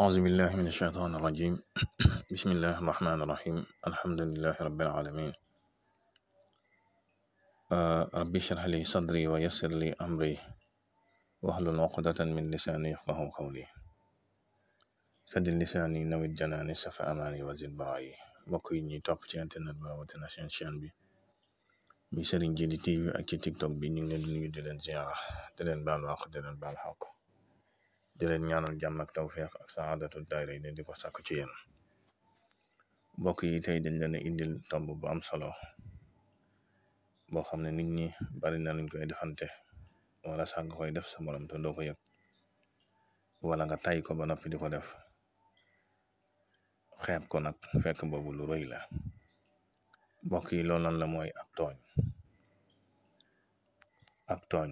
axusubillah min asheytaan irrajim bismillahi irrahmani irrahim alhamdulilahi rabilalamin uh, rabbi shrah li sadri wa li amri waxlul uqdatan min lisaani yafqahu qawli saddi lisaani nawit janaani safa amaani wa zid baraayi mbokk yi ñuy topp ci internet ba rawatina seen bi mi Serigne Djily TV ak bi ñu ngi leen di nuyu di leen ziara di leen di leen ñaanal jàmm ak tawféex ak saadatul daarayni di ko sàkk ci yéen mbokk yi tey dañ leen indil tomb bu am solo boo xam ne nit ñi bari na luñ koy defante wala sax koy def sa morom te doo ko yëg wala nga tay ko ba noppi di ko def xeeb ko nag fekk boobu lu rëy la mbokk yi loolu lan la mooy ab tooñ ab tooñ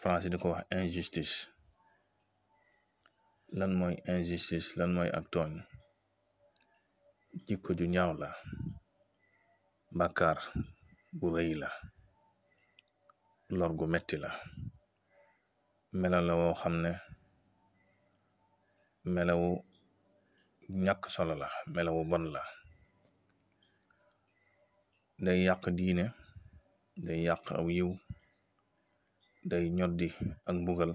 français di ko wax injustice lan mooy injustice lan mooy ak tooñ jikko ju ñaaw la bàkkaar bu rëy la lor gu metti la melo la woo xam ne melowu ñàkk solo la melowu bon la day yàq diine day yàq aw yiw day ñoddi ak mbugal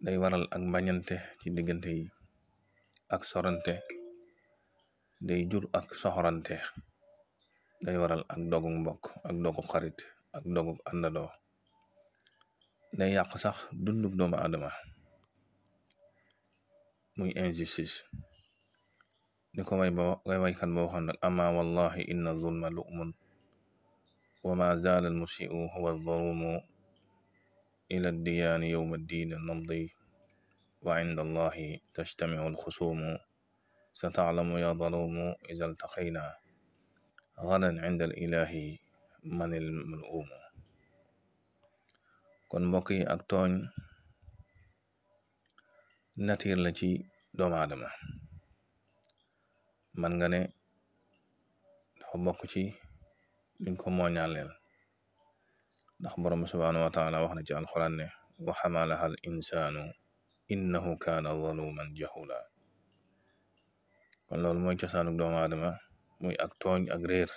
day waral ak mbañante ci diggante yi ak sorante day jur ak soxorante day waral ak dogu mbokk ak dogu xarit ak dogu àndandoo day yàq sax dundub doomu aadama muy injustice ni ko way ba way waykat ba waxoon nag ama wallahi inna zulma lu'mun wa ma zaala almusiu huwa zulumu ila diyaani yowma ddiini namdi wa inda allahi tajtamicu alxusuumu sataclamu ya daluumu iza iltaqayna gadan inda alilahi man almal'uumu kon mbokk yi ak tooñ natiir la ci doomu aadama man nga ne dafa ci luñ ko mooñaaleel ndax borom subhaanahu wa taala wax na ci alxuraan ne wa xamalaha al insaanu innahu kaana zaluman jahula kon loolu mooy cosaanug doomu aadama muy ak tooñ ak réer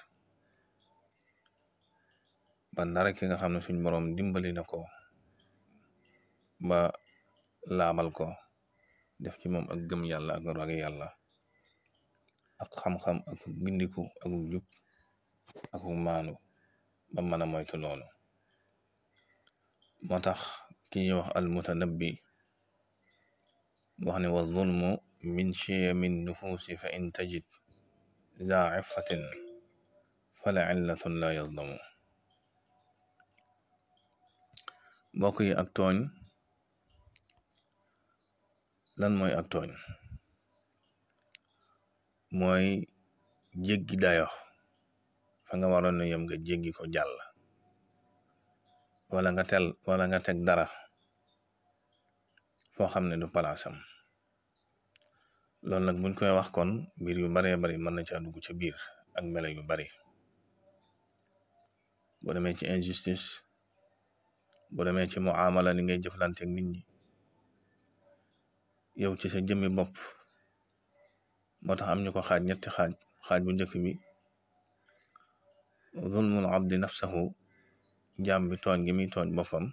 ba dara nga xam ne suñ borom dimbali na ko ba laabal ko def ci moom ak gëm yàlla ak rag yàlla ak xam-xam ak gindiku ak jub ak maanu ba mën a moytu loolu moo tax ki ñuy wax almutanabbi wax ne wa zulmu min chiyami nufuusi fa in tajid za iffatin fala illatun la yazlamu mbokk yi ak tooñ lan mooy ak tooñ mooy jéggi dayo fa nga waroon na yem nga jéggi fo jàll wala nga tel wala nga teg dara foo xam ne du palaasam loolu nag buñ koy wax kon mbir yu baree bari mën na caa dugg ci biir ak melo yu bari boo demee ci injustice boo demee ci amala ni ngay jëflanteeg nit ñi yow ci sa jëmmi bopp moo tax am ñu ko xaaj ñetti xaaj xaaj bu njëkk bi zulmul abdi nafsahu jàmm bi tooñ gi muy tooñ boppam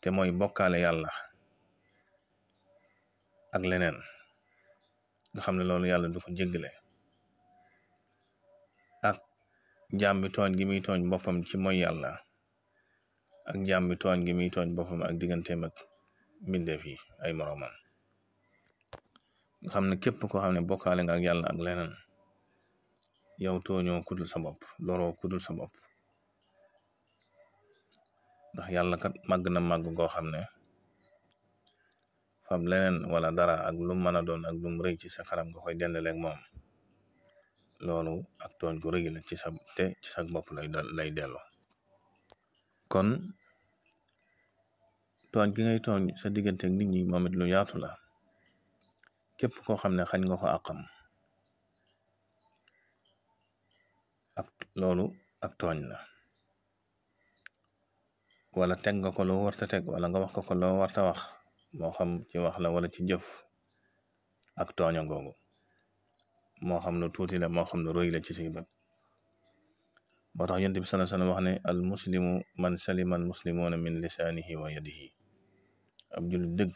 te mooy bokkaale yàlla ak leneen nga xam ne loolu yàlla du ko jéggale ak jàmm bi tooñ gi boppam ci mooy yàlla ak jàmm bi tooñ gi muy tooñ boppam ak digganteem ak mbindeef yi ay moroomam nga xam ne képp koo xam ne bokkaale nga ak yàlla ak leneen yow tooñoo kudul sa bopp kudul sa bopp ndax yàlla kat màgg na màgg goo xam ne fab leneen wala dara ak lum mën a doon ag lum rëy ci sa kanam nga koy dendaleeg moom loolu ak toñ ko rëy la ci sa te ci sa bopp lay lay dellu kon tooñ gi ngay tooñ sa diggante ak nit ñi moom it lu yaatu la képp koo xam ne xañ nga ko àqam ak loolu ak tooñ la wala teg nga ko loo warta teg wala nga wax ko ko loo warta wax moo xam ci wax la wala ci jëf ak tooña googu moo xam lu tuuti la moo xam lu rëy la ci say moo tax yonent bi sallallahu alayhi wasallam wax ne al muslimu man salima al muslimuuna min lisaanihi wa yadihi ab jullit dëgg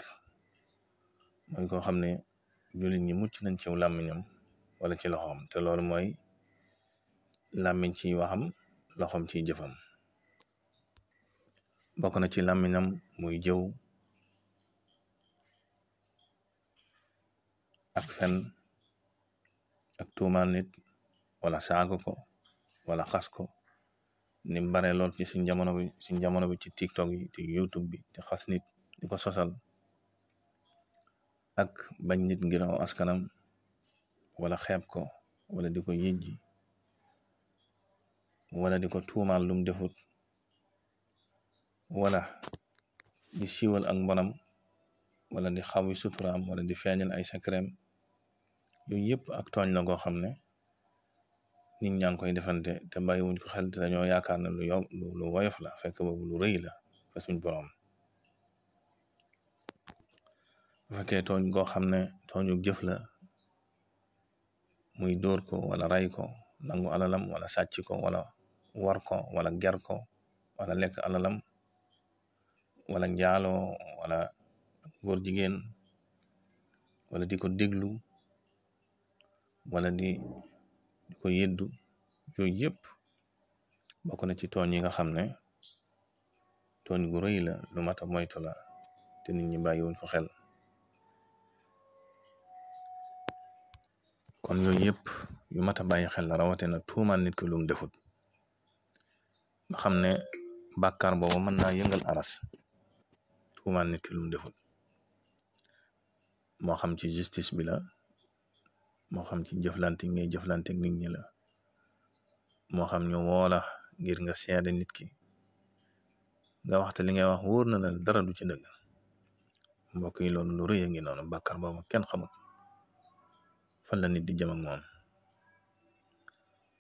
mooy koo xam ne jullit ñi mucc nañ ci làmmiñam wala ci loxoom te loolu mooy làmmiñ ci waxam loxoom ci jëfam bokk na ci làmminam muy jëw ak fen ak tuumaal nit wala saago ko wala xas ko ni bare lool ci suñ jamono bi suñ jamono bi ci tiktok yi ci youtube bi ci xas nit di ko sosal ak bañ nit ngir aw askanam wala xeeb ko wala di ko yëjji wala di ko tuumaal lum defut wala di siiwal ak mbonam wala di xaw yi suturaam wala di feeñal ay secret yooyu yëpp ak tooñ la goo xam ne nit ñaa koy defante te bàyyiwuñ ko xel te dañoo yaakaar na lu yomb lu woyof la fekk boobu lu rëy la fa suñ borom bu fekkee tooñ goo xam ne tooñu jëf la muy dóor ko wala ray ko nangu alalam wala sàcc ko wala war ko wala ger ko wala lekk alalam wala njaaloo wala góor jigéen wala di ko déglu wala di di ko yëddu yooyu yëpp bokk na ci tooñ yi nga xam ne tooñ gu rëy la lu mat a moytu la te nit ñi bàyyiwuñ fa xel kon yooyu yëpp yu mat a bàyyi xel la rawatina tuumaal nit ki lum defut nga xam ne bàkkaar boobu mën naa yëngal aras tuumaal nit ki lu deful moo xam ci justice bi moo xam ci jëflante ngay jëflante nit ñi la moo xam ñu woola ngir nga seede nit ki nga waxte li ngay wax wóor na dara du ci dëgg mbokk yi loolu lu ngi noonu bàkkar boobu kenn xamul fan nit di jëm ak moom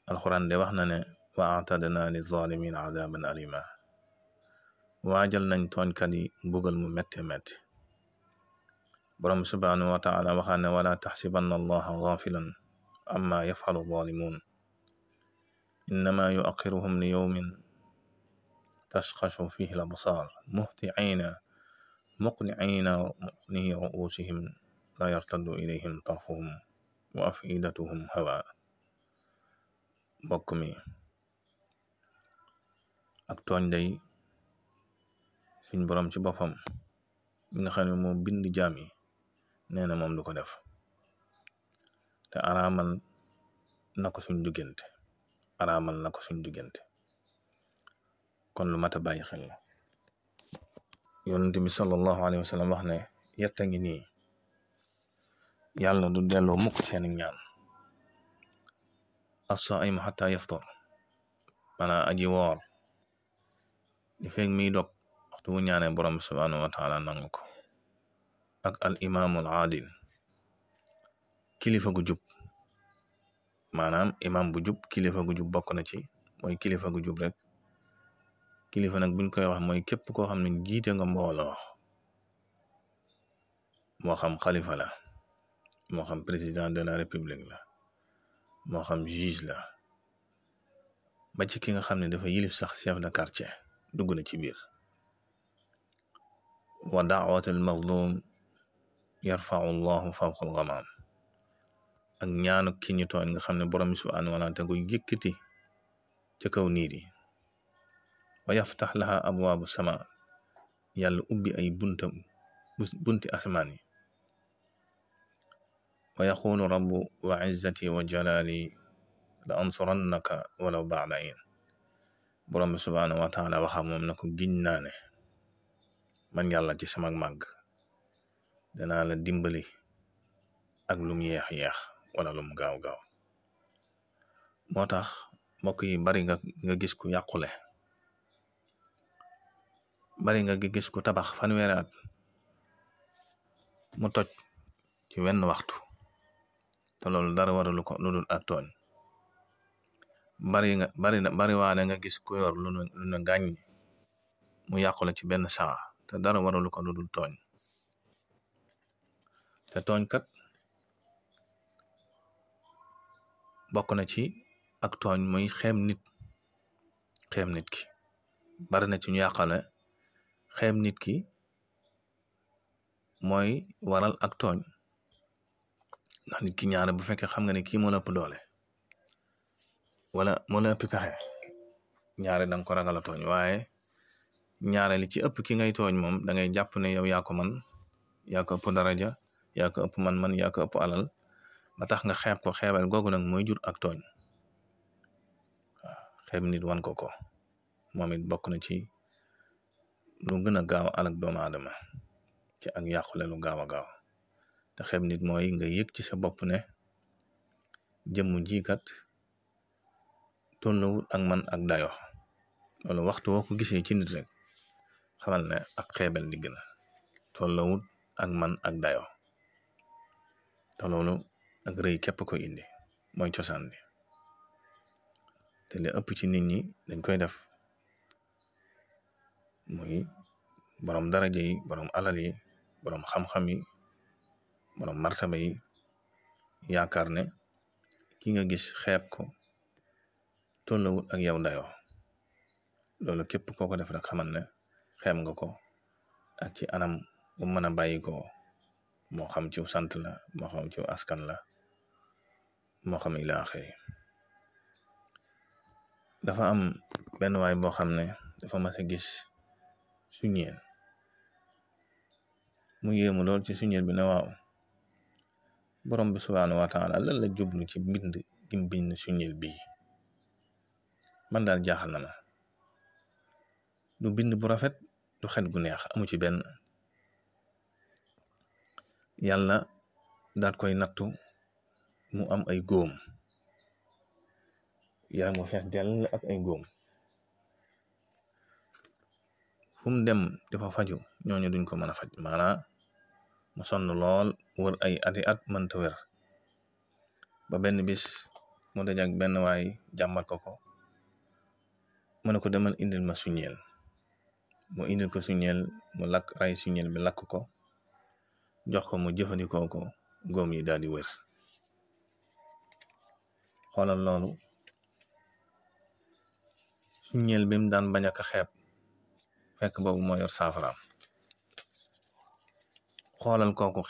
alxuraan de wax na ne wa atadna li zalimin azaban alima waajal nañ tooñkat yi mbugal mu métte métti borom subhaanahu wa taala waxaan ne wala taxsibanna allaha gaafilan amma yafalu zaalimuun innama yuaqiruhum li yowmin tashxashu fihi labsaar muhtiina muqniina muqnii ruusihim la yartaddu ilayhim tarfuhum wa afidatuhum hawa mbokk ak tooñ suñ borom ci boppam bi nga xam ne moom bind jaam yi nee na moom du ko def te araamal na ko suñ diggante araamal na ko suñ diggante kon lu mat a bàyyi xel la yonent bi sallallahu alayhi wa yetta ngi nii yàlla du delloo mukk seen ñaan as-saa'imu hattaa yaftur maanaam aji woor li feeg miy dog waxtu wu ñaanee borom subhaanahu nag taala ko ak al imaamul aadil kilifa gu jub maanaam imam bu jub kilifa gu bokk na ci mooy kilifa gu jub rek kilifa nag buñ koy wax mooy képp koo xam ne jiite nga mbooloo moo xam xalifala la moo xam président de la république la moo xam juge la ba ki nga xam ne dafa yilif sax chef de quartier dugg na ci biir wa daawatu almazlum yarfau llahu fawqa algamaam ak ñaanu ki xam ne borom bi subhanahu wa taala te ko yëkkati kaw niir yi wa yaftax laha abwaabu sama yàlla ubbi ay bunta bunti asamaan yi wa yaxuulu rabbu wa izzati wa jalaali la ansurannaka walaw baada in borom bi subhanahu wa taala naa man yàlla ci sama màgg danaa la dimbali ak lum yeex-yeex wala lum gaaw-gaaw moo tax mbokk yi bari nga nga gis ku yàqule bari nga gis ku tabax fanweeri at mu toj ci wenn waxtu te loolu dara waralu ko lu dul ak tooñ bari nga bari bari waane nga gis ku yor lu nu lu mu yàqule ci benn saa te dara waralu ko lu dul tooñ te tooñkat bokk na ci ak tooñ muy xeem nit xeem nit ki bari na ci ñu yàqale xeem nit ki mooy waral ak tooñ ndax nit ki ñaare bu fekkee xam nga ne kii moo la doole wala moo la ëpp pexe ñaare danga ko ragal a tooñ waaye ñaare li ci ëpp ki ngay tooñ moom da ngay jàpp ne yow yaa ko man yaa ko ëpp man-man yaa ëpp alal ba tax nga xeeb ko xeebal googu nag mooy jur ak tooñ waaw xeeb nit wan ko ko moom it bokk na ci lu gën a gaaw alak doomu aadama ci ak yàqule lu gaaw a gaaw te xeeb nit mooy nga yëg ci sa bopp ne jëmmu jiikat tollawut ak man ak dayo loolu waxtu woo ko gisee ci nit rek xaman ne ak xeebal ndigg la tollawut ak man ak dayo te loolu ak rëy képp ko indi mooy cosaan bi te li ëpp ci nit ñi dañ koy def muy borom daraja yi borom alal yi borom xam-xam yi borom martaba yi yaakaar ne ki nga gis xeeb ko tollawut ak yow dayoo loolu képp koo ko def rek xaman ne xem nga ko ak ci anam bu mën a bàyyi moo xam ci sant la moo xam ci askan la moo xam ila dafa am benn waay boo xam ne dafa mas gis suñeel mu yéemu lool ci suñeel bi na waaw borom bi subhaanahu wa taala lan la jublu ci mbind gi bind suñeel bii man daal jaaxal na ma du bind bu rafet du xet gu neex amu ci benn yàlla daat koy nattu mu am ay góom yaram mu fees dell ak ay góom fu dem dafa faju ñooñu duñ ko mën a faj maanaa mu sonn lool wër ay ati at mënta wér ba benn bis mu dajak benn waay jàmbat ko ko mu ne ko demal indi ma suñeel mu indil ko suñel mu lakk ray suñel bi lakk ko jox ko mu jëfandikoo ko góom yi daal di wér xoolal noonu suñel bi mu daan bañ ak xeeb fekk boobu moo yor xoolal kooku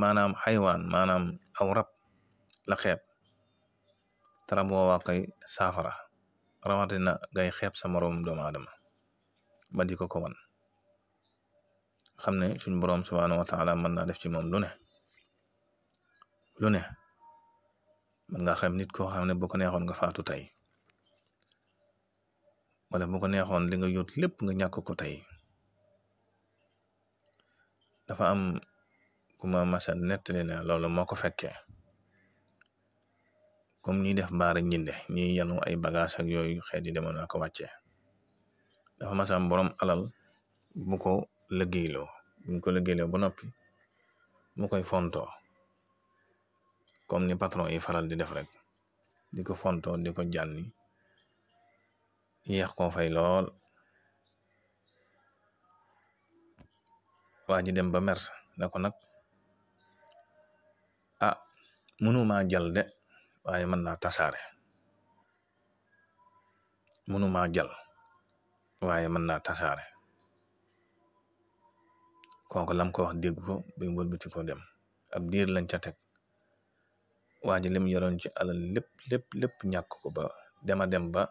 maanaam xaywaan maanaam aw rab la xeeb tarab woowaa koy saafara rawatina ngay xeeb sa moroom doomu aadama ba di ko ko wan xam ne suñ boroom subhaanahu wa taala mën naa def ci moom lu ne lu ne mën nga xam nit koo xam ne bu ko neexoon nga faatu tey wala bu ko neexoon li nga yóot lépp nga ñàkk ko tey dafa am ku ma masa nettali na loolu moo ko fekkee comme ñuy def baara ñinde ñuy yanu ay bagage ak yooyu xeet yi demoon naa ko wàccee dafa mas am borom alal bu ko liggéeyloo bu ko liggéeyloo ba noppi mu koy fontoo comme ni patron yi faral di def rek di ko fontoo di ko jànni yéex koo fay lool waa ji dem ba mer ne ko nag ah mënuma jal de waaye mën naa tasaare mënuma jal waaye mën naa tasaare kooku lam ko wax dégg ko bi mu wëlbati ko dem ab diir lañ ca teg waa ji lim yoroon ci alal lépp lépp lépp ñàkk ko ba dema dem ba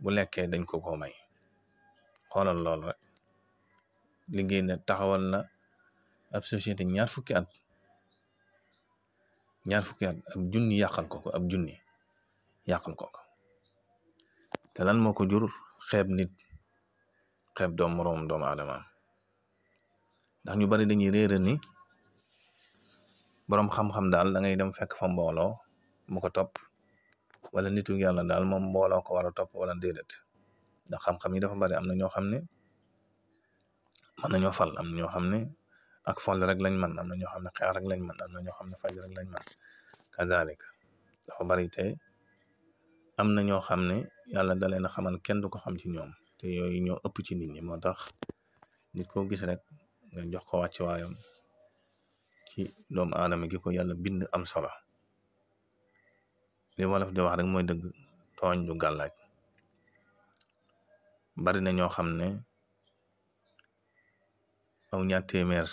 bu lekkee dañ ko may xoolal lool rek liggéey na taxawal na ab société ñaar fukki at ñaar fukki at ab junni yàqal ko ko ab junni yàqal ko ko te lan moo xeeb nit xeeb doom moroom doomu aadama ndax ñu bari dañuy réere ni boroom xam-xam daal da ngay dem fekk fa mbooloo mu ko topp wala nitu yàlla daal moom mbooloo ko war a topp wala déedéet ndax xam-xam yi dafa bari am na ñoo xam ne mën nañoo fal am na ñoo xam ne ak fol rek lañ man am na ñoo xam ne xeex rek lañ man am ñoo xam ne faj rek lañ man kazalika bari te am na ñoo xam ne yàlla da leen a xamal kenn du ko xam ci ñoom te yooyu ñoo ëpp ci nit ñi moo tax nit ko gis rek nga jox ko wàcc waayam ci doomu aadama gi ko yàlla bind am solo li wolof di wax rek mooy dëgg tooñ du gàllaaj bari na ñoo xam ne aw ñaar téeméer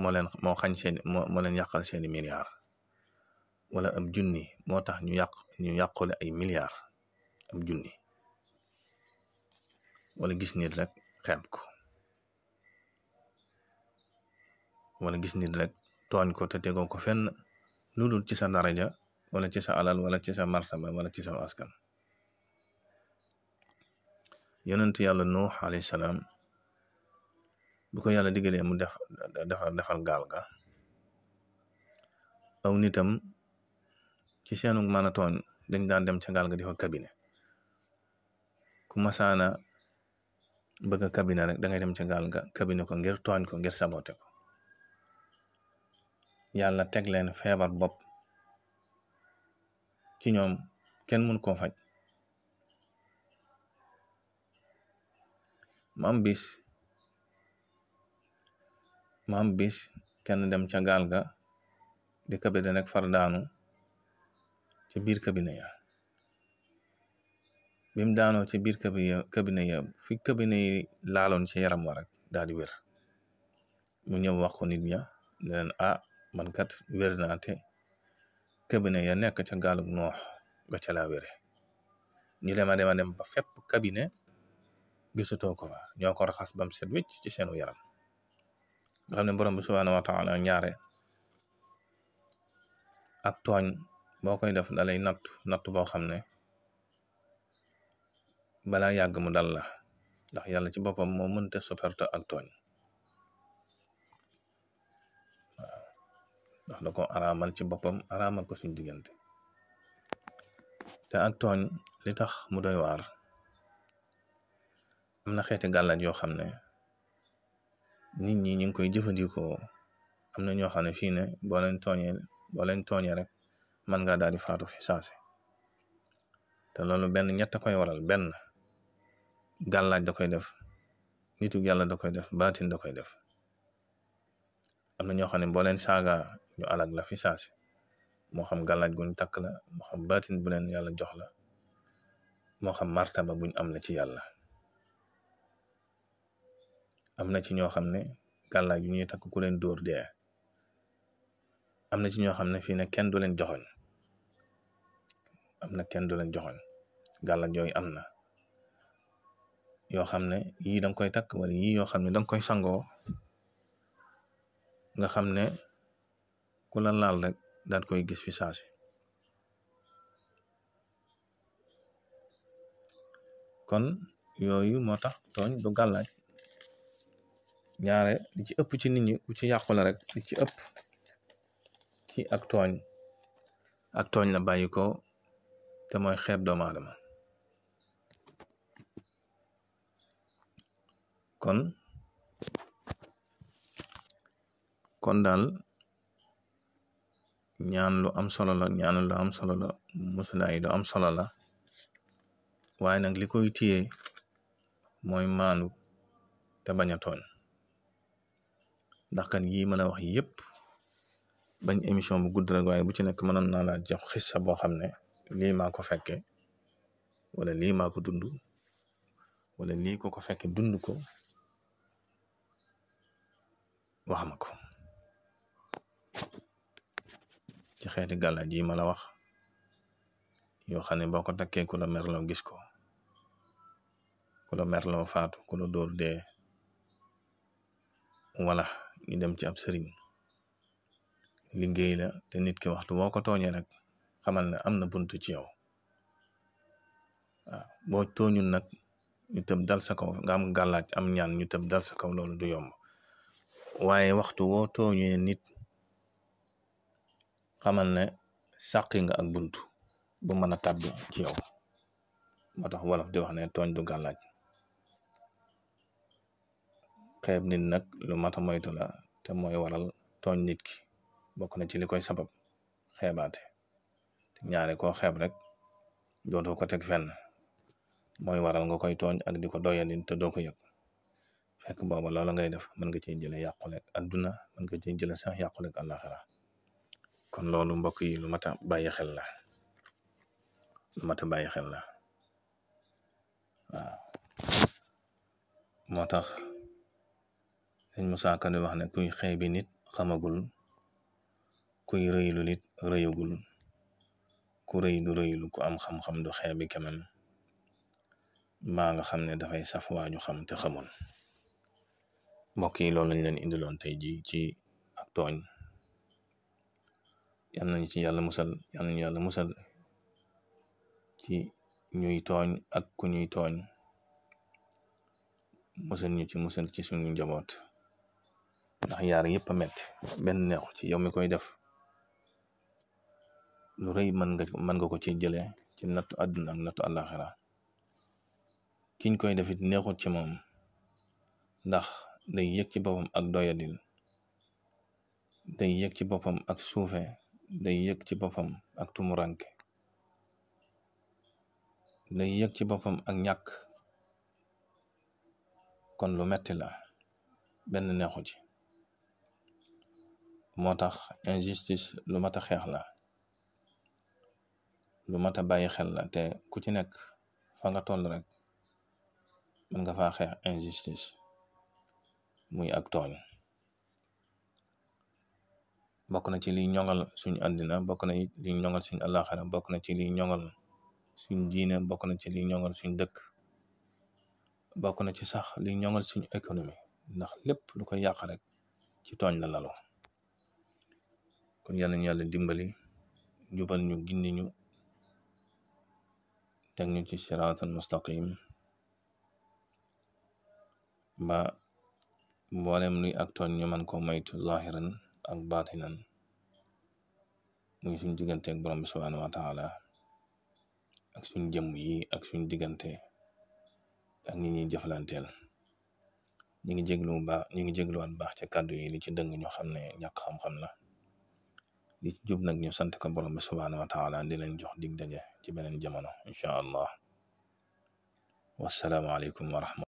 moo leen moo xañ seen moo leen yàqal seeni milliards wala ab junni moo tax ñu yàq ñu yàqule ay milliards am junni wala gis nit rek xeeb ko wala gis nit rek tooñ ko te tegoo ko fenn lu dul ci sa daraja wala ci sa alal wala ci sa martaba wala ci sa askan yonent yàlla nuux alayhi salaam bu ko yàlla diggalee mu def defar defal gaal ga aw nitam ci seenu mën a tooñ dañ daan dem ca gaal ga di kabine ku masaana bëgg a kabine rek da ngay dem ci gaal ga kabine ko ngir tooñ ko ngir sabote ko yàlla teg leen feebar bopp ci ñoom kenn mun koo faj ma am bis ma am bis kenn dem ca gaal ga di kabine rek far daanu ci biir kabine ya bi mu ci biir kabi kabine ya fi kabine yi ci yaram wa rek daal di wér mu ñëw wax ko nit ña ne leen ah, man kat wér naa te kabine ya nekk ca gaalug noox ga ca laa wére ñu dema dema dem ba fépp kabine gisutoo ko fa ñoo ko raxas bam set wécc ci seenu yaram nga xam ne ñaare ak tooñ boo koy def da lay natt natt boo xam ne balaa yàgg mu dal la ndax yàlla ci boppam moo mënta sopparte ak tooñ ndax da ko araamal ci boppam araamal ko suñ diggante te ak tooñ li tax mu doy waar am na xeeti gàllaaj yoo xam ne nit ñi ñu ngi koy jëfandikoo am na ñoo xam ne fii ne boo leen tooñee boo rek mën ngaa daal di faatu fi saase te loolu benn ñett koy waral benn gàllaaj da koy def nitu yàlla da koy def baatin da koy def am na ñoo xam ne boo saaga ñu alag la fi saasi moo xam gàllaaj guñ takk la moo xam batin bu leen yàlla jox la moo xam ba buñ am la ci yàlla am na ci ñoo xam ne gàllaaj yu ñuy takk ku leen dóor am na ci ñoo xam ne fii ne kenn du leen joxoñ am na kenn du leen joxoñ gàllaaj yooyu am na yoo xam ne yii danga koy takk wala yii yoo xam ne danga koy sangoo nga xam ne ku la laal rek daat koy gis fi saasi kon yooyu moo tax tooñ du gàllaaj ñaare li ci ëpp ci nit ñi ci yàqu la rek li ci ëpp ci ak tooñ ak tooñ na bàyyi te mooy xeeb doomu aadama kon kon daal ñaan lu am solo la ñaan lu am solo la musulaay lu am solo la waaye nag li koy téye mooy maandu te bañ a tooñ ndax kan yii mën a wax yépp bañ émission bu gudd rek waaye bu ci nekk mënoon naa laa jox xissa boo xam ne lii maa ko fekke wala lii maa ko dund wala lii ko ko fekke dund ko wax ma ko ci xeeti gàllaaj yi ma la wax yoo xam ne boo ko takkee ku la merloo gis ko ku la merloo faatu ku la wala ñu dem ci ab sëriñ liggéey la te nit ki waxtu boo ko tooñee rek xamal ne am na buntu ci yow waaw boo tooñul nag ñu tëb dal sa kaw nga am gàllaaj am ñaan ñu tëb dal sa kaw loolu du yomb waaye waxtu woo tooñee nit xamal ne sàqi nga ak bunt bu mën a tàbbi ci moo tax wolof di wax ne tooñ du gàllaaj xeeb nit nag lu mat a moytu la te mooy waral tooñ nik ki bokk na ci li koy sabab xeebaate te ñaare koo xeeb rek dootoo ko teg fenn mooy waral nga koy tooñ ak di ko nin te doo ko yëg fekk booba loola ngay def mën nga cee jëlee yàquleeg adduna mën nga cee jëlee sax yàquleeg àllaaxira kon loolu mbokk yi lu mat a bàyyi xel la lu mat a bàyyi xel la moo tax sëñ Musaa Ka di wax ne kuy xeebi nit xamagul kuy rëylu nit rëyagul ku rëy du rëylu ku am xam-xam du xeebi kemam maa nga xam ne dafay saf waaju xam te xamul mbokk yi loolu lañ leen indiloon tey ji ci ak tooñ yal nañ ci yàlla musal yal nañu yàlla musal ci ñuy tooñ ak ku ñuy tooñ musal ñu ci musal ci suñu njaboot ndax yaar yëpp a metti benn neexu ci yow koy def lu rëy mën nga ko ci jëlee ci nattu àdduna nattu àllaaxira kiñ koy defit neexut ci moom ndax day yëg ci boppam ak doyadil day yëg ci boppam ak suufe day yëg ci boppam ak tumuranke day yëg ci boppam ak ñàkk kon lu metti la benn neexu ci moo tax injustice lu mat a xeex la lu mat a bàyyi xel la te ku ci nekk fa nga toll rek mën nga fa xeex injustice muy ak tooñ bokk na ci liy ñoŋal suñu àddina bokk na liy ñoŋal suñu àllaaxira bokk na ci liy ñoŋal suñ diine bokk na ci liy ñoŋal suñ dëkk bokk na ci sax liy ñoŋal suñu économie ndax lépp lu ko yàq rek ci tooñ la lalo kon yan nañu yàlla dimbali jubal ñu gindi ñu teg ñu ci siraatal mustaqim ba mboolem luy ak tooñ ñu man ko moytu zahiran ak baatinan muy suñ diggante ak borom bi subhanahu wa ak suñ jëmm yi ak suñ diggante ak ñi ñuy jëflanteel ñu ngi jéglu bu baax ñu ngi jégluwaat baax ci kàddu yi li ci dëng ñoo xam ne ñàkk xam-xam la li ci jub nag ñu sant ko borom bi subhanahu wa taala di leen jox dig daje ci beneen jamono incha allah wasalaamualeykum wa rahmatulah